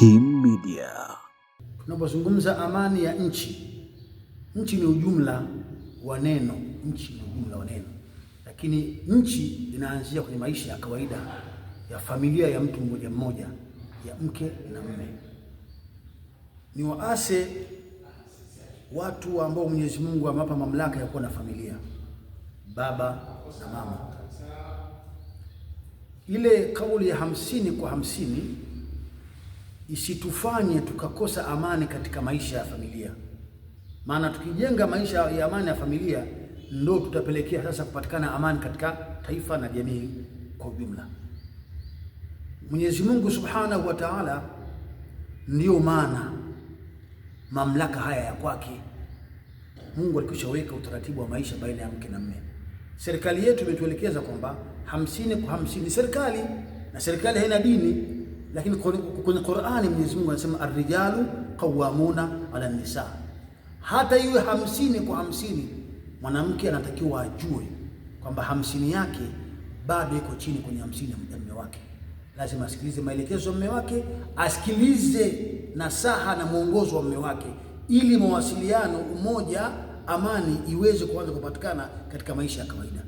Kim Media. Tunapozungumza amani ya nchi, nchi ni ujumla wa neno, nchi ni ujumla wa neno, lakini nchi inaanzia kwenye maisha ya kawaida ya familia ya mtu mmoja mmoja, ya mke na mume. Ni waase watu ambao Mwenyezi Mungu amewapa mamlaka ya kuwa na familia, baba na mama. Ile kauli ya hamsini kwa hamsini isitufanye tukakosa amani katika maisha ya familia, maana tukijenga maisha ya amani ya familia ndo tutapelekea sasa kupatikana amani katika taifa na jamii kwa ujumla. Mwenyezi Mungu Subhanahu wa Ta'ala, ndiyo maana mamlaka haya ya kwake Mungu alikushaweka utaratibu wa maisha baina ya mke na mme. Serikali yetu imetuelekeza kwamba hamsini kwa hamsini serikali, na serikali haina dini lakini kwenye Qur'ani Mwenyezi Mungu anasema arrijalu qawwamuna ala nisa. Hata iwe hamsini kwa hamsini, mwanamke anatakiwa ajue kwamba hamsini yake bado iko chini kwenye hamsini ya mume wake. Lazima asikilize maelekezo ya mume wake, asikilize nasaha na mwongozo wa mume wake, ili mawasiliano, umoja, amani iweze kuanza kupatikana katika maisha ya kawaida.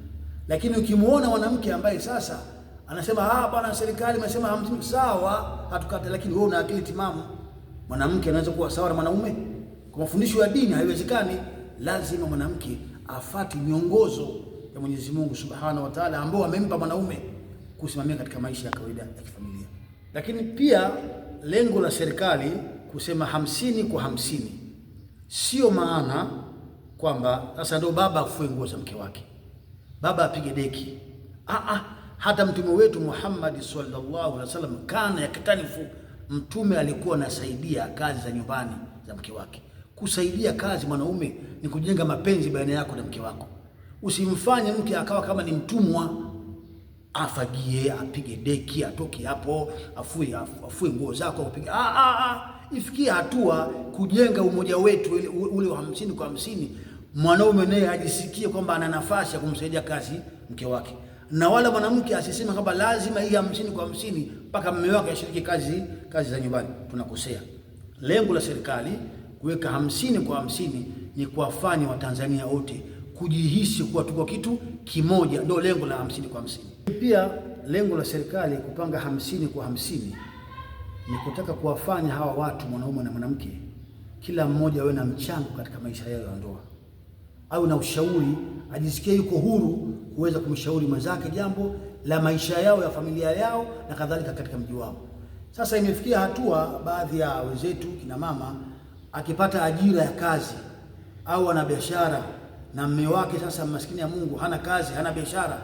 Lakini ukimwona mwanamke ambaye sasa anasema ah, bwana, serikali imesema hamtu Sawa, hatukata, lakini wewe una akili timamu? Mwanamke anaweza kuwa sawa na mwanaume kwa mafundisho ya dini? Haiwezekani. Lazima mwanamke afati miongozo ya Mwenyezi Mungu Subhanahu wa Ta'ala, ambao amempa mwanaume kusimamia katika maisha ya kawaida ya kifamilia. Lakini pia lengo la serikali kusema hamsini kwa hamsini sio maana kwamba sasa ndio baba afue nguo za mke wake, baba apige deki. Ah ah hata mtume wetu Muhammad sallallahu alaihi wasallam kana yakitanifu, mtume alikuwa anasaidia kazi za nyumbani za mke wake. Kusaidia kazi mwanaume ni kujenga mapenzi baina yako na mke wako. Usimfanye mke akawa kama ni mtumwa, afagie, apige deki, atoke hapo, afue afue nguo zako, apige ah, ah, ah. Ifikie hatua kujenga umoja wetu ule wa hamsini kwa hamsini, mwanaume naye ajisikie kwamba ana nafasi ya kumsaidia kazi mke wake na wala mwanamke asiseme kwamba lazima hii hamsini kwa hamsini mpaka mume wake ashiriki kazi kazi za nyumbani. Tunakosea. Lengo la serikali kuweka hamsini kwa hamsini ni kuwafanya Watanzania wote kujihisi kuwa tuko kitu kimoja, ndio lengo la hamsini kwa hamsini. Pia lengo la serikali kupanga hamsini kwa hamsini ni kutaka kuwafanya hawa watu, mwanaume na mwanamke, kila mmoja awe na mchango katika maisha yao ya ndoa, awe na ushauri, ajisikie yuko huru kuweza kumshauri mwenzake jambo la maisha yao ya familia yao na kadhalika katika mji wao. Sasa imefikia hatua baadhi ya wenzetu kina mama akipata ajira ya kazi au ana biashara na mme wake, sasa maskini ya Mungu hana kazi hana biashara,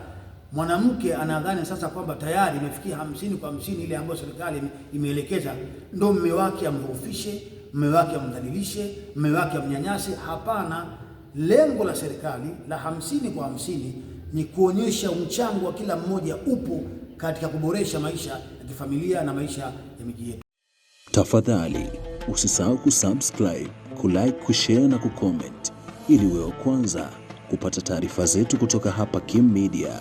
mwanamke anadhani sasa kwamba tayari imefikia hamsini kwa hamsini ile ambayo serikali imeelekeza, ndo mme wake amdhoofishe, mme wake amdhalilishe, mme wake amnyanyase. Hapana, lengo la serikali la hamsini kwa hamsini ni kuonyesha mchango wa kila mmoja upo katika kuboresha maisha ya kifamilia na maisha ya miji yetu. Tafadhali usisahau kusubscribe, kulike, kushare na kucomment ili uwe wa kwanza kupata taarifa zetu kutoka hapa Kim Media.